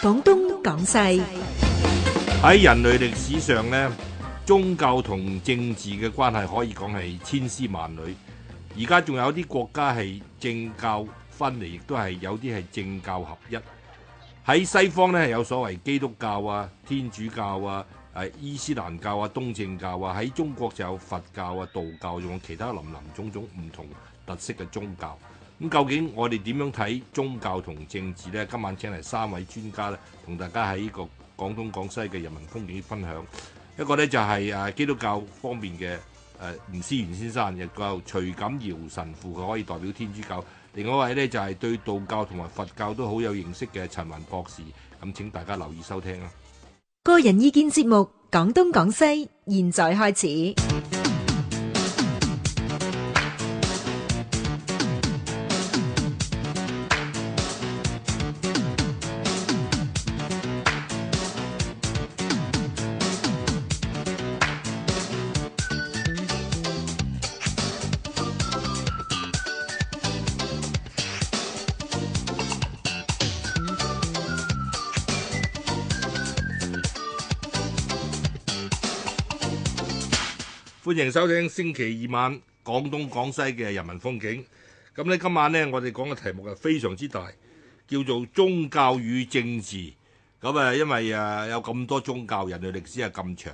廣東、廣西喺人類歷史上咧，宗教同政治嘅關係可以講係千絲萬縷。而家仲有啲國家係政教分離，亦都係有啲係政教合一。喺西方咧，係有所謂基督教啊、天主教啊、誒伊斯蘭教啊、東正教啊。喺中國就有佛教啊、道教啊、仲有其他林林種種唔同特色嘅宗教。咁究竟我哋點樣睇宗教同政治呢？今晚請嚟三位專家咧，同大家喺呢個廣東廣西嘅人民風景分享。一個呢，就係誒基督教方面嘅誒吳思源先生，又叫徐錦堯神父，佢可以代表天主教。另外一位呢，就係對道教同埋佛教都好有認識嘅陳雲博士。咁請大家留意收聽啦。個人意見節目，廣東廣西，現在開始。歡迎收聽星期二晚廣東廣西嘅人民風景。咁咧今晚咧，我哋講嘅題目係非常之大，叫做宗教與政治。咁啊，因為啊有咁多宗教，人類歷史係咁長。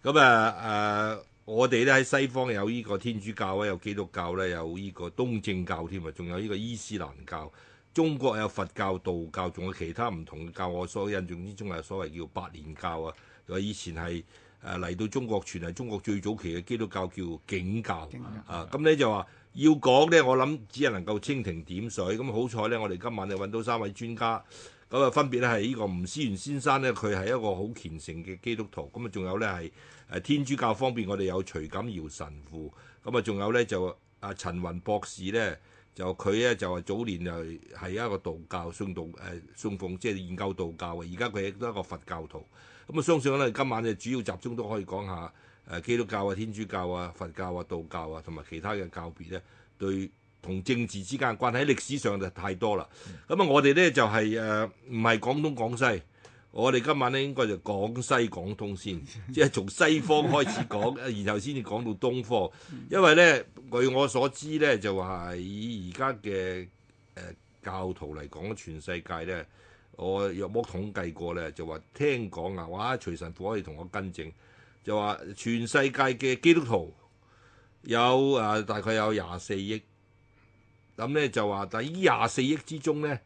咁啊誒，我哋咧喺西方有呢個天主教啊，有基督教咧，有呢個東正教添啊，仲有呢個伊斯蘭教。中國有佛教、道教，仲有其他唔同教。我所印象之中係所謂叫百年教啊，又以前係。誒，嚟到中國，傳嚟中國最早期嘅基督教，叫景教警察啊！咁、嗯、咧就話要講咧，我諗只係能夠蜻蜓點水。咁、嗯、好彩咧，我哋今晚就揾到三位專家。咁、嗯、啊，分別咧係呢個吳思源先生咧，佢係一個好虔誠嘅基督徒。咁、嗯、啊，仲有咧係誒天主教方面，我哋有徐錦堯神父。咁、嗯、啊，仲有咧就阿陳雲博士咧，就佢咧就係早年就係一個道教信道誒信奉，即係研究道教嘅。而家佢亦都係一個佛教徒。咁啊，我相信咧今晚咧主要集中都可以講下誒、呃、基督教啊、天主教啊、佛教啊、道教啊，同埋其他嘅教別咧，對同政治之間關係喺歷史上就太多啦。咁啊、嗯，我哋咧就係誒唔係廣東廣西，我哋今晚咧應該就廣西廣東先，即、就、係、是、從西方開始講， 然後先至講到東方。因為咧，據我所知咧，就是、以而家嘅誒教徒嚟講全世界咧。我若冇統計過咧，就話聽講啊，哇！徐神父可以同我更正，就話全世界嘅基督徒有誒、呃、大概有廿四億，咁咧就話，但係呢廿四億之中咧，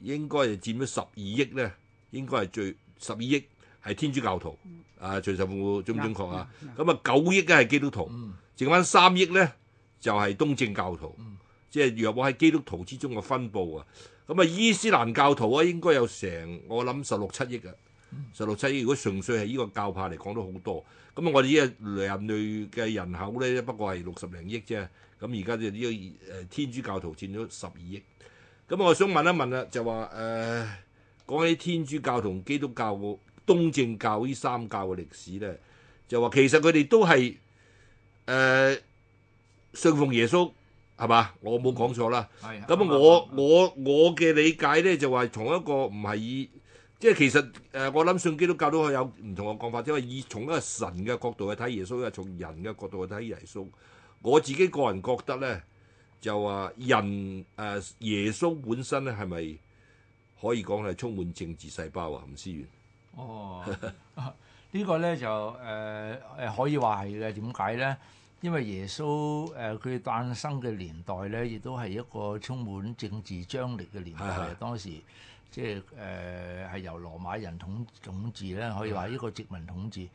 應該係佔咗十二億咧，應該係最十二億係天主教徒，嗯、啊，徐神父準唔準確啊？咁啊、嗯，九億嘅係基督徒，剩返三億咧就係、是、東正教徒，嗯、即係若冇喺基督徒之中嘅分佈啊。咁啊，伊斯蘭教徒啊，應該有成我諗十六七億啊。十六七億。如果純粹係呢個教派嚟講，都好多。咁啊，我哋呢個人類嘅人口咧，不過係六十零億啫。咁而家就呢個誒、呃、天主教徒佔咗十二億。咁我想問一問啊，就話誒、呃，講起天主教同基督教、東正教呢三教嘅歷史咧，就話其實佢哋都係誒、呃、信奉耶穌。係嘛？我冇講錯啦。咁、嗯嗯、我、嗯、我我嘅理解咧就話從一個唔係以，即係其實誒、呃，我諗信基督教都係有唔同嘅講法，即係以從一個神嘅角度去睇耶穌，又從人嘅角度去睇耶穌。我自己個人覺得咧，就話人誒、呃、耶穌本身咧係咪可以講係充滿政治細胞啊？吳思源。哦， 個呢個咧就誒誒、呃、可以話係嘅，點解咧？因為耶穌誒佢誕生嘅年代咧，亦都係一個充滿政治張力嘅年代。的當時即係誒係由羅馬人統統治咧，可以話係一個殖民統治。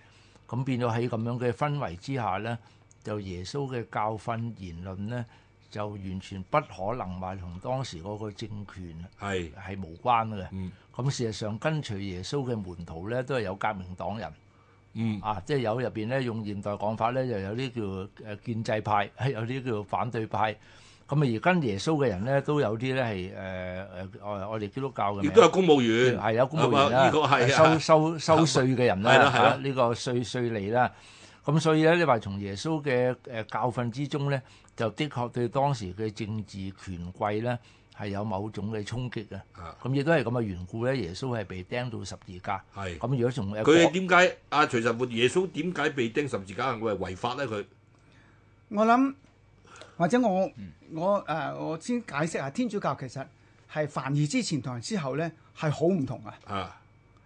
咁的變到喺咁樣嘅氛圍之下咧，就耶穌嘅教訓言論咧，就完全不可能話同當時嗰個政權係係無關嘅。咁的、嗯、事實上，跟隨耶穌嘅門徒咧，都係有革命黨人。嗯啊，即係有入邊咧，用現代講法咧，就有啲叫誒建制派，有啲叫反對派。咁啊，而跟耶穌嘅人咧，都有啲咧係誒誒，我我哋基督教嘅，亦都有公務員，係有、嗯、公務員啦、啊呢個，收收收稅嘅人啦，嚇呢、啊啊呢個稅稅吏啦。咁所以咧，你話從耶穌嘅誒教訓之中咧，就的確對當時嘅政治權貴咧，係有某種嘅衝擊嘅，咁、啊、亦都係咁嘅緣故咧。耶穌係被釘到十字架，咁是如果從佢點解阿徐神父耶穌點解被釘十字架係違法咧？佢我諗或者我、嗯、我誒我、呃、我先解釋下，天主教其實係梵二之前同之後咧係好唔同啊。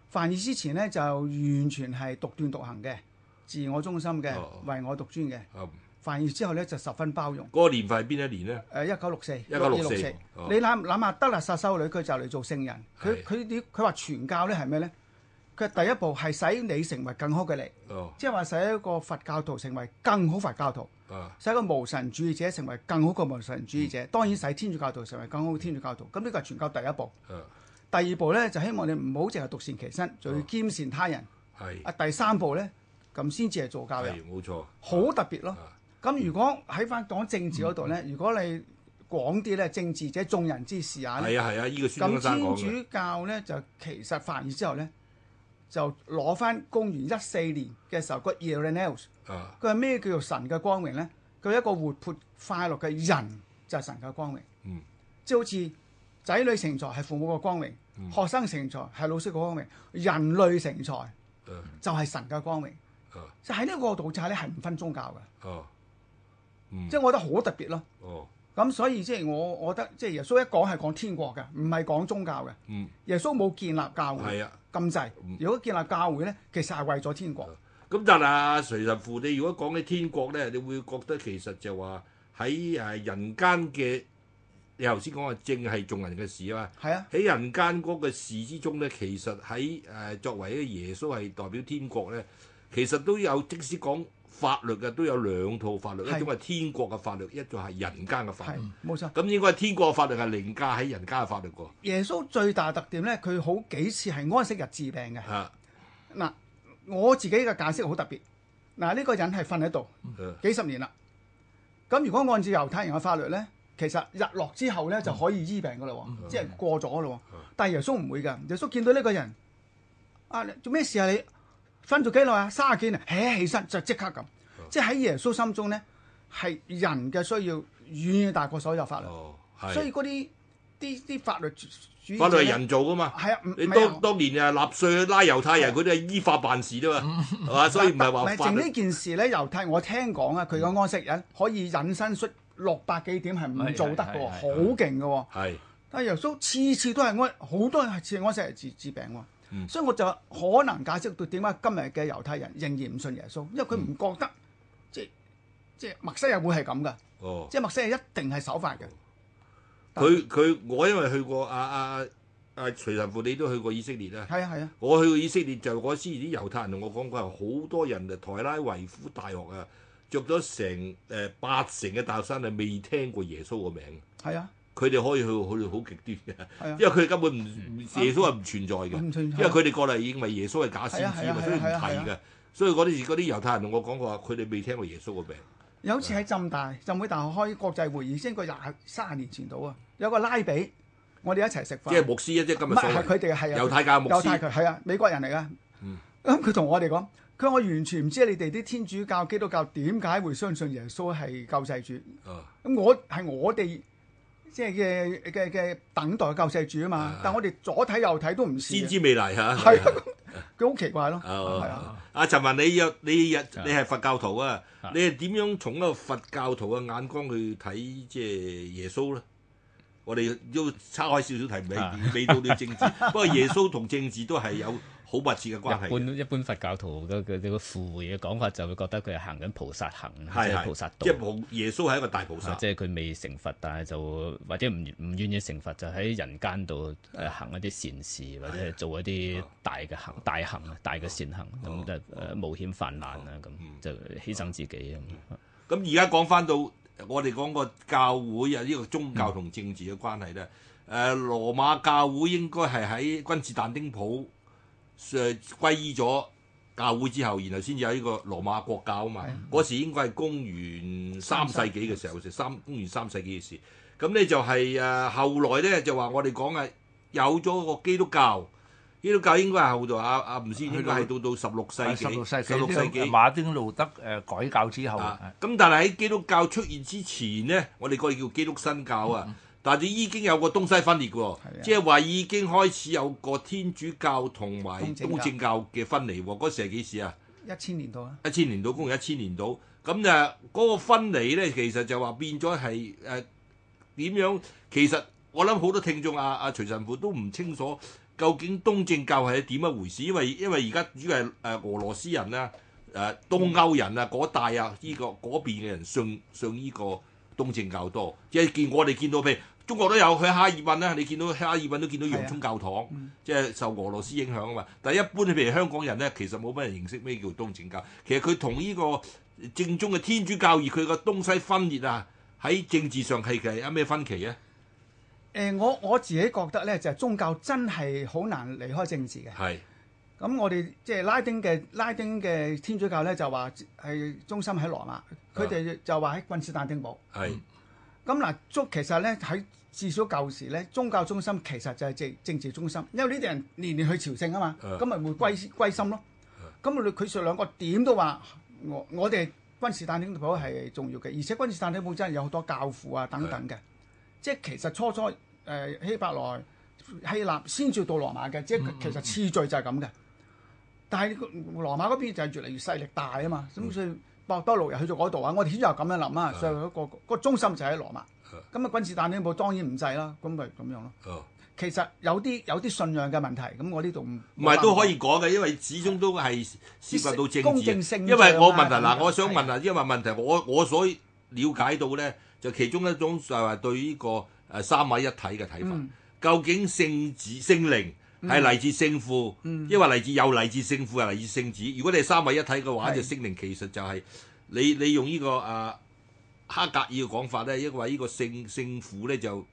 梵二之前咧就完全係獨斷獨行嘅，自我中心嘅，唯我獨尊嘅。嗯梵二之後咧就十分包容。嗰個年份係邊一年咧？誒，一九六四。一九六四。你諗諗下，德肋撒修女佢就嚟做聖人。佢佢佢話傳教咧係咩咧？佢第一步係使你成為更好嘅你。即係話使一個佛教徒成為更好佛教徒。使一個無神主義者成為更好嘅無神主義者。當然使天主教徒成為更好嘅天主教徒。咁呢個係傳教第一步。第二步咧就希望你唔好淨係獨善其身，就要兼善他人。係。啊，第三步咧咁先至係做教友。冇錯。好特別咯～咁如果喺翻講政治嗰度咧，如果你講啲咧，政治者、係眾人之事也咧。係啊係啊，依個孫中山講嘅。咁天主教咧就其實發現之後咧，就攞翻公元一四年嘅時候個 Irenaeus。佢話咩叫做神嘅光榮咧？佢係一個活潑快樂嘅人就係神嘅光榮。嗯。即係好似仔女成才係父母嘅光榮，學生成才係老師嘅光榮，人類成才就係神嘅光榮。啊。就喺呢個角度下咧，係唔分宗教嘅。哦。嗯、即係我覺得好特別咯。哦，咁、嗯、所以即係我，我覺得即係耶穌一講係講天國嘅，唔係講宗教嘅。嗯，耶穌冇建立教會，係啊，咁滯。嗯、如果建立教會咧，其實係為咗天國。咁但係阿徐神父你。如果講起天國咧，你會覺得其實就話喺誒人間嘅，你頭先講話正係眾人嘅事啊嘛。係啊，喺、啊、人間嗰個事之中咧，其實喺誒作為一個耶穌係代表天國咧，其實都有即使講。法律嘅都有兩套法律，是法律，一種係天國嘅法律，一種係人間嘅法律。冇錯。咁應該天國嘅法律係凌駕喺人間嘅法律個。耶穌最大特點咧，佢好幾次係安息日治病嘅。啊的！嗱，我自己嘅解釋好特別。嗱，呢個人係瞓喺度幾十年啦。咁如果按照猶太人嘅法律咧，其實日落之後咧就可以醫病㗎啦，即係、嗯、過咗啦。但係耶穌唔會㗎，耶穌見到呢個人，啊，做咩事啊你？瞓咗幾耐啊？三啊幾啊？起，一起起身就即刻咁，即喺耶穌心中咧，係人嘅需要遠遠大過所有法律。哦、所以嗰啲啲啲法律主，法律係人做噶嘛？係啊，啊你當多當年啊納粹拉猶太人，佢都係依法辦事啫嘛，係嘛？所以唔係話淨呢件事咧，猶太我聽講啊，佢個安息日可以引申出六百幾點係唔做得嘅，好勁嘅。係，是但係耶穌次次都係安，好多人係次次安息日治治病喎。所以我就可能解釋到點解今日嘅猶太人仍然唔信耶穌，因為佢唔覺得、嗯、即即彌賽亞會係咁噶，即係彌賽亞、哦、一定係守法嘅。佢佢、嗯、但我因為去過阿阿阿徐神父，你都去過以色列啦。係啊係啊。啊我去過以色列就嗰時啲猶太人同我講過，好多人就台拉維夫大學啊，着咗成誒、呃、八成嘅大學生係未聽過耶穌個名。係啊。佢哋可以去去到好極端嘅，因為佢哋根本唔耶穌係唔存在嘅、嗯，因為佢哋過嚟認為耶穌係假先知，所以唔係嘅。所以嗰啲啲猶太人同我講過話，佢哋未聽過耶穌個名。有一次喺浸大浸會的大學開國際會議，先個廿三年前到啊，有個拉比，我哋一齊食飯。即係牧師啊，即今日收。唔佢哋係猶太教牧師，猶太佢係啊，美國人嚟㗎。咁佢同我哋講，佢我完全唔知你哋啲天主教基督教點解會相信耶穌係救世主。咁、啊嗯、我係我哋。即係嘅嘅嘅等待救世主啊嘛，的但我哋左睇右睇都唔先知未嚟嚇，係啊的，佢好的奇怪咯。係啊的，阿陳雲，你又你日你係佛教徒啊？你係點樣從一個佛教徒嘅眼光去睇即係耶穌咧？我哋要拆開少少題，名的未到你政治。 不過耶穌同政治都係有。好密切嘅關係。一般一般佛教徒嘅嘅附會嘅講法，就會覺得佢行緊菩薩行，即係菩薩道。即菩耶穌係一個大菩薩，即係佢未成佛，但係就或者唔唔願意成佛，就喺人間度行一啲善事，或者係做一啲大嘅行大行大嘅善行咁，誒冒險犯難啦咁，就犧牲自己咁。咁而家講翻到我哋講個教會啊，呢個宗教同政治嘅關係咧，誒羅馬教會應該係喺君士坦丁堡。誒歸依咗教會之後，然後先至有呢個羅馬國教啊嘛。嗰、嗯、時應該係公元三世紀嘅時候，成三公元三世紀嘅事。咁咧就係、是、誒、啊、後來咧就話我哋講啊，有咗個基督教。基督教應該係後度啊，啊吳先生應該係到到十六世紀、啊，十六世紀馬丁路德誒改教之後。咁、啊啊、但係喺基督教出現之前咧，我哋可以叫基督新教啊。嗯嗯但係你已經有個東西分裂嘅喎、哦，即係話已經開始有個天主教同埋東、哦、東正教嘅分離喎。嗰時係幾時啊？一千年度啊！一千年度，公元一千年度。咁就嗰個分離咧，其實就話變咗係誒點樣？其實我諗好多聽眾啊阿、啊、徐神父都唔清楚究竟東正教係點一回事，因為因為而家主要係誒俄羅斯人啊、誒、啊、東歐人啊嗰帶啊呢、這個嗰邊嘅人信信依、這個。東正教多，即係見我哋見到，譬如中國都有去哈爾濱啦，你見到哈爾濱都見到洋葱教堂，嗯、即係受俄羅斯影響啊嘛。但係一般譬如香港人咧，其實冇乜人認識咩叫東正教。其實佢同呢個正宗嘅天主教義，佢嘅東西分裂啊，喺政治上係係有咩分歧啊？誒、呃，我我自己覺得咧，就係、是、宗教真係好難離開政治嘅。係。咁我哋即係拉丁嘅拉丁嘅天主教咧，就話係中心喺羅馬，佢哋、uh, 就話喺君士坦丁堡。係、uh,。咁嗱，咁其實咧喺至少舊時咧，宗教中心其實就係政政治中心，因為呢啲人年年去朝聖啊嘛，咁咪會歸歸心咯。咁佢佢哋兩個點都話我我哋君士坦丁堡係重要嘅，而且君士坦丁堡真係有好多教父啊等等嘅。Uh, 即係其實初初誒、呃、希伯來希臘先至到羅馬嘅，即係其實次序就係咁嘅。但係羅馬嗰邊就係越嚟越勢力大啊嘛，咁所以伯多祿又去咗嗰度啊，我哋始終又咁樣諗啊，所以、嗰個、是的 個中心就喺羅馬，咁啊君士坦丁堡當然唔制啦，咁咪咁樣咯。是的 其實有啲有啲信仰嘅問題，咁我呢度唔唔係都可以講嘅，因為始終都係涉及到政治，因為我問啊嗱的，我想問下，的因為問題我我所了解到咧，就其中一種就係對呢個誒三位一體嘅睇法，嗯、究竟聖子聖靈，聖靈係嚟自聖父，因為嚟自又嚟自聖父，又嚟自聖子。如果你三位一體嘅話，就聖靈其實就係、是、你你用呢、這個啊、uh, 哈格爾嘅講法咧，因為個聖聖呢個聖聖父咧就誒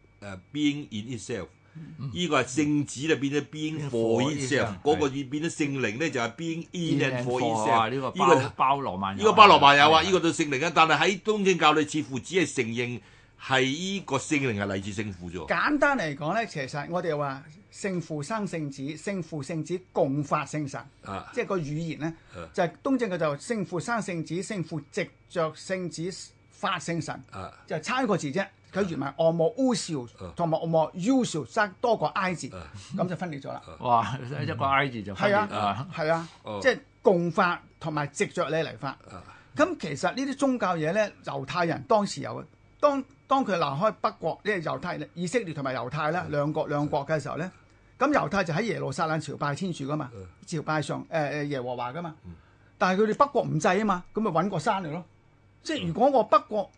being in itself，呢、嗯、個係聖子就變咗 being for itself，嗰、嗯、個變咗聖靈咧就係、是、being in and for itself、這個。呢個，個包羅萬，呢的個包羅萬有啊！呢個對聖靈啊，但係喺東正教裏似乎只係承認係呢個聖靈係嚟自聖父啫。簡單嚟講咧，其實我哋話。聖父生聖子，聖父聖子共發聖神，即係個語言咧，就係、是、東正佢就聖父生聖子，聖父藉着聖子發聖神，就、啊、差一個字啫。佢原文惡莫 usual 同埋惡莫 usual，加多個 I 字，咁就分裂咗啦。哇，嗯、一個 I 字就係啊，係啊，啊，啊 If 即係共發同埋藉着」咧嚟發。咁其實呢啲宗教嘢咧，猶太人當時有嘅。當佢鬧開北國，呢個猶太、以色列同埋猶太啦兩國兩國嘅時候咧。咁猶太就喺耶路撒冷朝拜天主噶嘛，朝拜上誒誒、呃、耶和華噶嘛，但係佢哋北國唔制啊嘛，咁咪揾個山嚟咯，即係如果個北國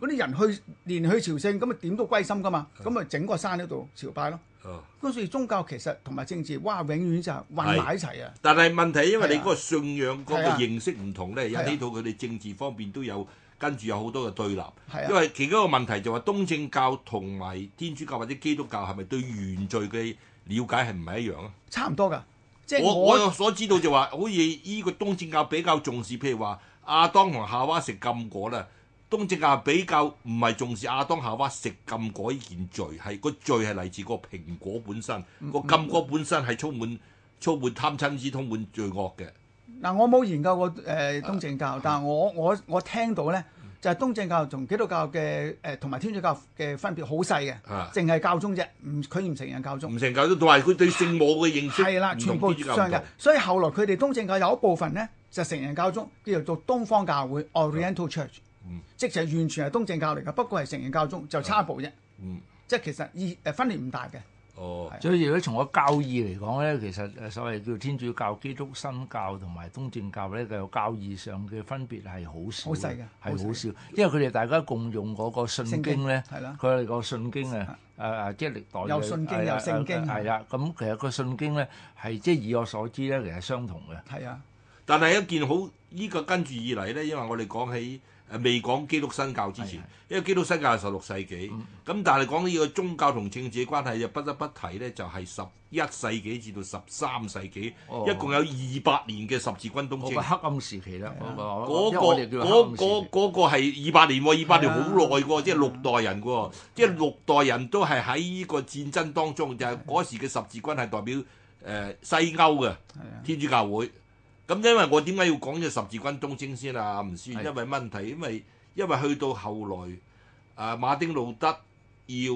嗰啲人去連去朝聖，咁咪點都歸心噶嘛，咁咪整個山喺度朝拜咯。咁、哦、所以宗教其實同埋政治，哇，永遠就係混埋一齊啊！但係問題，因為你嗰個信仰嗰個認識唔同咧，引起、啊啊啊、到佢哋政治方面都有跟住有好多嘅對立。啊、因為其中一個問題就話東正教同埋天主教或者基督教係咪對原罪嘅了解係唔係一樣啊？差唔多噶，即係我我，我所知道就話、是，好似依個東正教比較重視，譬如話亞當同夏娃食禁果咧，東正教比較唔係重視亞當夏娃食禁果呢件罪，係個罪係嚟自個蘋果本身，個、嗯嗯、禁果本身係充滿充滿貪嗔痴充滿罪惡嘅。嗱、啊，我冇研究過誒、呃、東正教，啊、但係我我我，我聽到咧。就係東正教同基督教嘅，誒，同、呃、埋天主教嘅分別好細嘅，淨係、啊、教宗啫。唔佢唔承認教宗，唔承認教宗同埋佢對聖母嘅認識係啦， 不不全部一樣嘅。 所以後來佢哋東正教有一部分咧就承認教宗，叫做東方教會 Oriental Church）、嗯、即係完全係東正教嚟嘅，不過係承認教宗就差一步啫，嗯。嗯，即係其實二誒分裂唔大嘅。哦，所以如果從個教義嚟講咧，其實所謂叫天主教、基督新教同埋東正教咧，嘅教義上嘅分別係好細嘅，係好少，因為佢哋大家共用嗰個信經咧，佢哋個信經啊，啊啊即係歷代有信經有聖經，係啦。咁其實個信經咧係即係以我所知咧，其實相同嘅。係啊的，但係一件好呢、呢個跟住以嚟咧，因為我哋講起。誒未講基督新教之前，因為基督新教係十六世紀，咁、嗯、但係講呢個宗教同政治嘅關係就不得不提咧，就係十一世紀至到十三世紀，哦、一共有二百年嘅十字軍東征黑暗時期啦。嗰、啊嗰個嗰係二百年喎，二百年好耐喎，即係六代人喎，即係六代人都係喺呢個戰爭當中，就係、是、嗰時嘅十字軍係代表誒、呃、西歐嘅天主教會。咁因為我點解要講呢個十字軍東征先啊？唔算，因為問題，因為因為去到後來，啊，馬丁路德要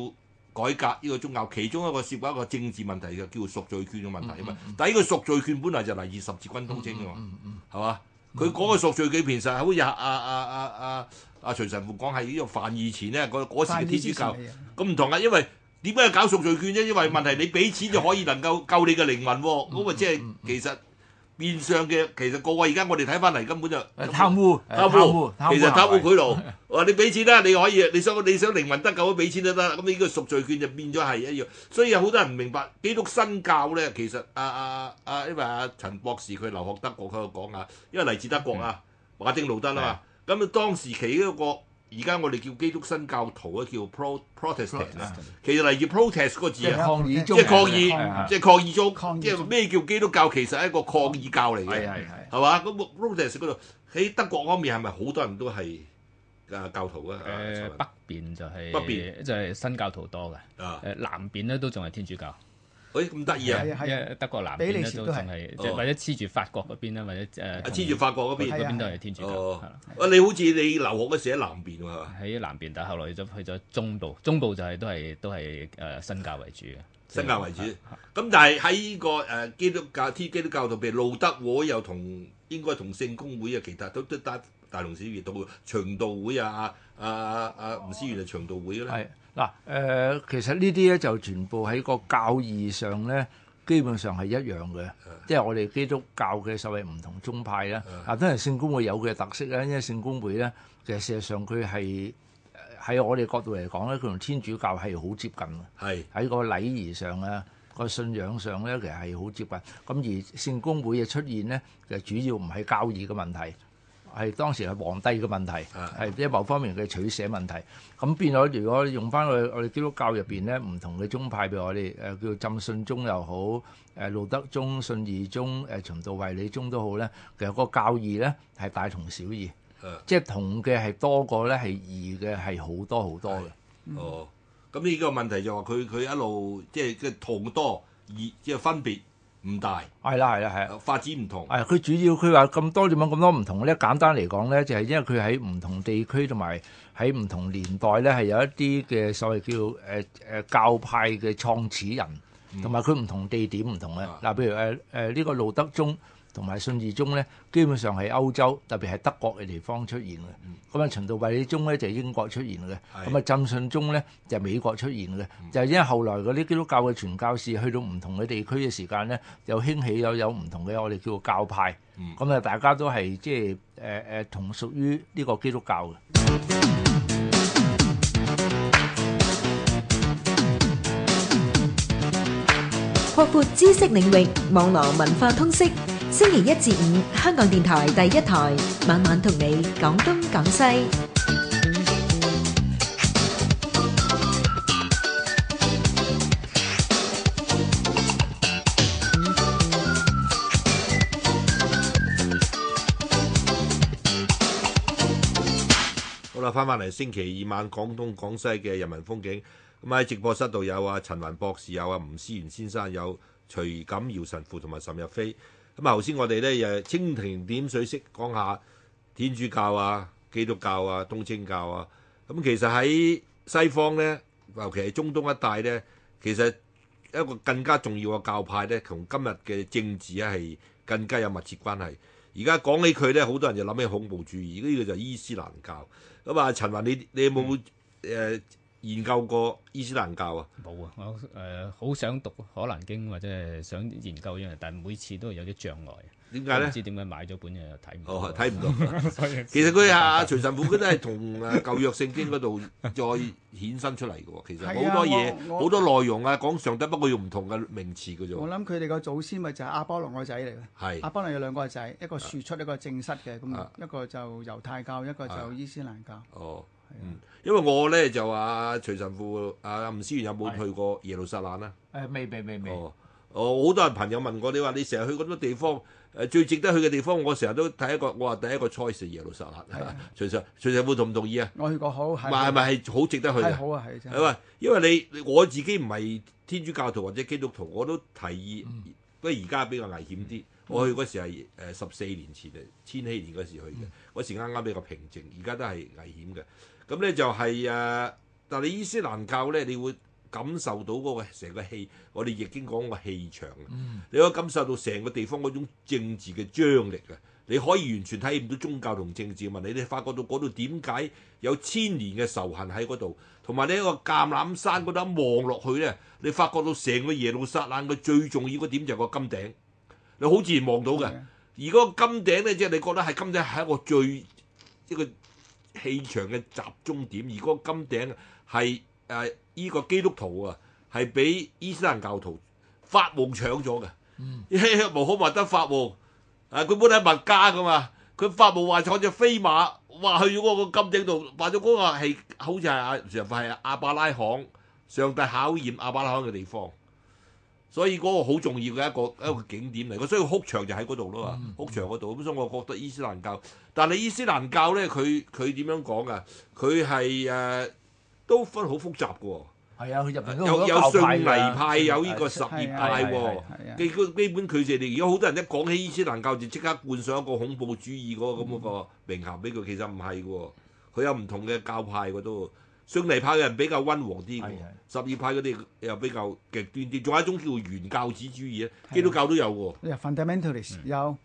改革呢個宗教，其中一個涉及一個政治問題嘅，叫贖罪券嘅問題啊嘛。但係呢個贖罪券本來就嚟自十字軍東征嘅嘛，係嘛？佢嗰個贖罪券其實好似阿阿阿阿阿徐神父講係呢個梵二前咧，嗰嗰時嘅天主教，咁唔同啊。因為點解要搞贖罪券啫？因為問題你俾錢就可以能夠救你嘅靈魂，咁啊，即係其實。變相嘅，其實個個而家我哋睇翻嚟，根本就貪污、貪污其實貪污賄賂，我話你俾錢啦、啊，你可以你想你想靈魂得救都俾錢就得。咁呢個贖罪券就變咗係一樣，所以有好多人唔明白基督新教咧，其實阿阿阿因為阿陳博士佢留學德國佢講下，因為嚟自德國啊，馬、嗯、丁路德啊嘛，咁啊當時期一個。而家我哋叫基督新教徒咧，叫 pro protestant 啊、嗯。其實嚟自 protest 個字啊，即係抗，抗議，即係抗議，即係抗議。即係咩叫基督教？其實係一個抗議教嚟嘅，係係係，係嘛？咁 protest 嗰度喺德國方面係咪好多人都係啊教徒啊？誒、呃、北邊就係、是、北邊就係新教徒多嘅啊。誒、呃、南邊咧都仲係天主教。喂，咁得意啊！係啊，德國南邊咧都仲係，或者黐住法國嗰邊咧，或者誒黐住法國嗰邊嗰邊都係天主教。哇！你好似你留學嗰時喺南邊喎，喺南邊，但係後來去咗去咗中部，中部就係都係都係誒新教為主嘅，新教為主。咁但係喺呢個誒基督教天基督教度，譬如路德會又同應該同聖公會啊，其他都都大大同小異。道會長道會啊，阿啊啊吳思源就長道會嘅咧。嗱誒，其實呢啲咧就全部喺個教義上咧，基本上係一樣嘅，即係我哋基督教嘅所謂唔同宗派啦。啊，都係聖公會有佢嘅特色啦，因為聖公會咧，其實事實上佢係喺我哋角度嚟講咧，佢同天主教係好接近嘅，喺個是禮儀上啊，個信仰上咧，其實係好接近。咁而聖公會嘅出現咧，其實主要唔係教義嘅問題。係當時係皇帝嘅問題，係即係某方面嘅取捨問題。咁變咗，如果用翻我我哋基督教入邊咧，唔同嘅宗派，譬如我哋誒、呃、叫浸信宗又好，誒、呃、路德宗、信義宗、誒、呃、循道衛理宗都好咧，其實個教義咧係大同小異，的即係同嘅係多過咧係異嘅係好多好多嘅。哦，咁呢個問題就話佢佢一路即係嘅同多異即係分別。唔大，係啦係啦係，發展唔同。誒，佢主要佢話咁多點樣咁多唔同咧？簡單嚟講咧，就係、是、因為佢喺唔同地區同埋喺唔同年代咧，係有一啲嘅所謂叫誒誒、呃、教派嘅創始人，同埋佢唔同地點唔同嘅嗱，譬如誒誒呢個路德宗。同埋信義宗咧，基本上係歐洲，特別係德國嘅地方出現嘅。咁啊、嗯，秦道會宗循道會宗咧就是、英國出現嘅。咁啊的，浸信宗咧就是、美國出現嘅。嗯、就因為後來嗰啲基督教嘅傳教士去到唔同嘅地區嘅時間咧，又興起有有唔同嘅我哋叫做教派。咁啊、嗯，大家都係即係誒誒同屬於呢個基督教嘅。擴闊知識領域，網羅文化通識。星期一至五，香港電台第一台晚晚同你講東講西。好啦，翻返嚟星期二晚，廣東廣西嘅人民風景。咁、嗯、喺直播室度有啊，陳雲博士有啊，吳思源先生有徐錦堯神父同埋岑逸飛。咁啊，頭先我哋咧又蜻蜓點水式講下天主教啊、基督教啊、東正教啊。咁其實喺西方咧，尤其係中東一帶咧，其實一個更加重要嘅教派咧，同今日嘅政治咧係更加有密切關係。而家講起佢咧，好多人就諗起恐怖主義。呢個就係伊斯蘭教。咁啊，陳雲，你你有冇誒？呃研究過伊斯蘭教啊？冇啊！我誒好想讀《可蘭經》或者係想研究嘅，但係每次都係有啲障礙。點解咧？唔知點解買咗本嘢又睇唔到。哦，睇唔到。其實佢啊，徐神父，佢都係同誒舊約聖經嗰度再衍生出嚟嘅喎。其實好多嘢，好多內容啊，講上帝，不過用唔同嘅名詞嘅啫。我諗佢哋個祖先咪就係阿波羅個仔嚟嘅。係阿波羅有兩個仔，一個庶出，一個正室嘅。咁一個就猶太教，一個就伊斯蘭教。哦。嗯，因為我咧就話徐神父啊，吳思源有冇去過耶路撒冷啊？誒，未未未未。哦，我好多人朋友問過你話你成日去咁多地方，誒、呃、最值得去嘅地方，我成日都睇一個，我話第一個 choice 係耶路撒冷。啊、徐神徐神父同唔同意啊？我去過好，係咪係好值得去啊？好啊，係真、啊啊、因為你，你我自己唔係天主教徒或者基督徒，我都提議。不過而家比較危險啲。我去嗰時係十四年前，千禧年嗰時去嘅，嗰、嗯嗯、時啱啱比較平靜，而家都係危險嘅。咁咧就係、是、誒、啊，但係伊斯蘭教咧，你會感受到嗰、那個成個氣，我哋亦經講個氣場啊，你可以感受到成個地方嗰種政治嘅張力啊，你可以完全體驗到宗教同政治問題，你發覺到嗰度點解有千年嘅仇恨喺嗰度，同埋咧個橄欖山嗰度一望落去咧，你發覺到成個耶路撒冷嘅最重要個點就係個金頂，你好自然望到嘅，而嗰個金頂咧即係你覺得係金頂係一個最一個。氣場嘅集中點，而嗰金頂係誒呢個基督徒啊，係俾伊斯蘭教徒發夢搶咗嘅。嗯、穆罕默德，發夢啊，佢本嚟系麥加噶嘛，佢發夢話坐隻飛馬，話去咗嗰個金頂度，話咗嗰個係好似係阿上帝係亞伯拉罕上帝考驗阿伯拉罕嘅地方。所以嗰個好重要嘅一個一個景點嚟，所以哭牆就喺嗰度咯，哭牆嗰度。所以我覺得伊斯蘭教，但係伊斯蘭教咧，佢佢點樣講啊？佢係誒都分好複雜嘅喎。啊，佢、啊、有有遜尼派，有呢個什葉派。基基本佢哋哋，而家好多人一講起伊斯蘭教就即刻冠上一個恐怖主義嗰個咁個名頭俾佢，其實唔係嘅喎，佢有唔同嘅教派嘅都。遜尼派嘅人比較溫和啲，的十二派嗰啲又比較極端啲。仲有一種叫原教旨主義啊，的基督教都有喎。fundamentalist 有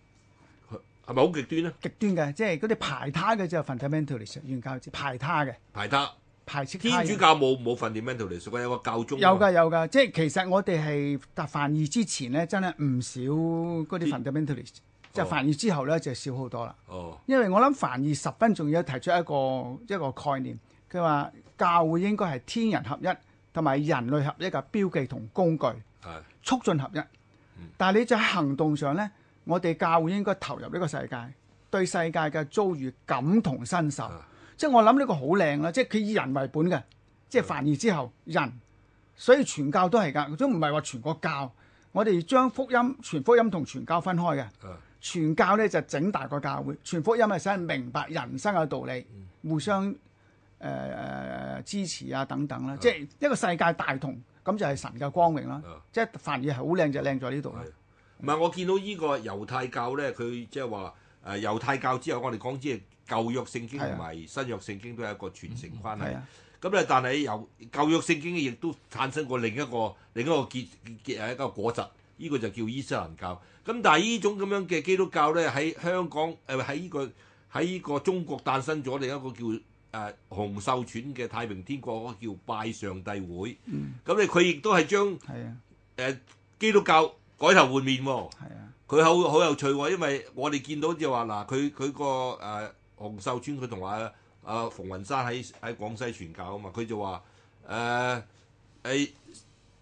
係咪好極端咧？極端嘅，即係嗰啲排他嘅即就 fundamentalist 原教旨排他嘅。排他。排,他排斥。天主教冇冇 fundamentalist 嘅，有, ist, 有個教宗有。有㗎有㗎，即係其實我哋係達梵二之前咧天，真係唔少嗰啲 fundamentalist，即係梵二之後咧就少好多啦。哦。因為我諗梵二十分重要，提出一個一個,一個概念，佢話。教會應該係天人合一同埋人類合一嘅標記同工具，促進合一。但係你就喺行動上呢，我哋教會應該投入呢個世界，對世界嘅遭遇感同身受。即係我諗呢個好靚啦，即係佢以人為本嘅，即係繁衍之後人，所以傳教都係噶，都唔係話傳個教。我哋將福音、全福音同傳教分開嘅，傳教呢就整大個教會，全福音係使人明白人生嘅道理，互相。誒誒、呃、支持啊等等啦，啊、即係一個世界大同咁就係神嘅光榮啦。啊、即係反而係好靚就靚咗呢度啦。唔係的、嗯、我見到呢個猶太教咧，佢即係話誒猶太教之後，我哋講之係舊約聖經同埋新約聖經都係一個傳承關係。咁咧的，的但係由舊約聖經亦都產生過另一個另一個結結係一個果實。呢、這個就叫伊斯蘭教。咁但係呢種咁樣嘅基督教咧，喺香港誒喺呢個喺依、這個、個中國誕生咗另一個叫。誒、啊、洪秀全嘅太平天國叫拜上帝會，咁咧佢亦都係將誒基督教改頭換面喎、哦。佢好好有趣喎、哦，因為我哋見到就話嗱，佢佢個誒、呃、洪秀、呃、全佢同阿阿馮雲山喺喺廣西傳教啊嘛，佢就話誒係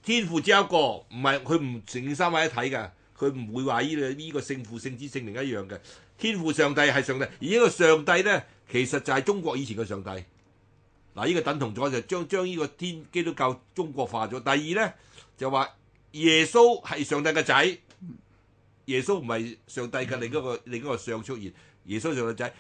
天父只有一個，唔係佢唔成三位一體嘅，佢唔會話呢、這個呢個聖父聖子聖靈一樣嘅天父上帝係上帝，而呢個上帝咧。其實就係中國以前嘅上帝，嗱、這、呢個等同咗，就將將呢個天基督教中國化咗。第二咧就話耶穌係上帝嘅仔，耶穌唔係上帝嘅另一個另一個上出現，耶穌上帝嘅仔。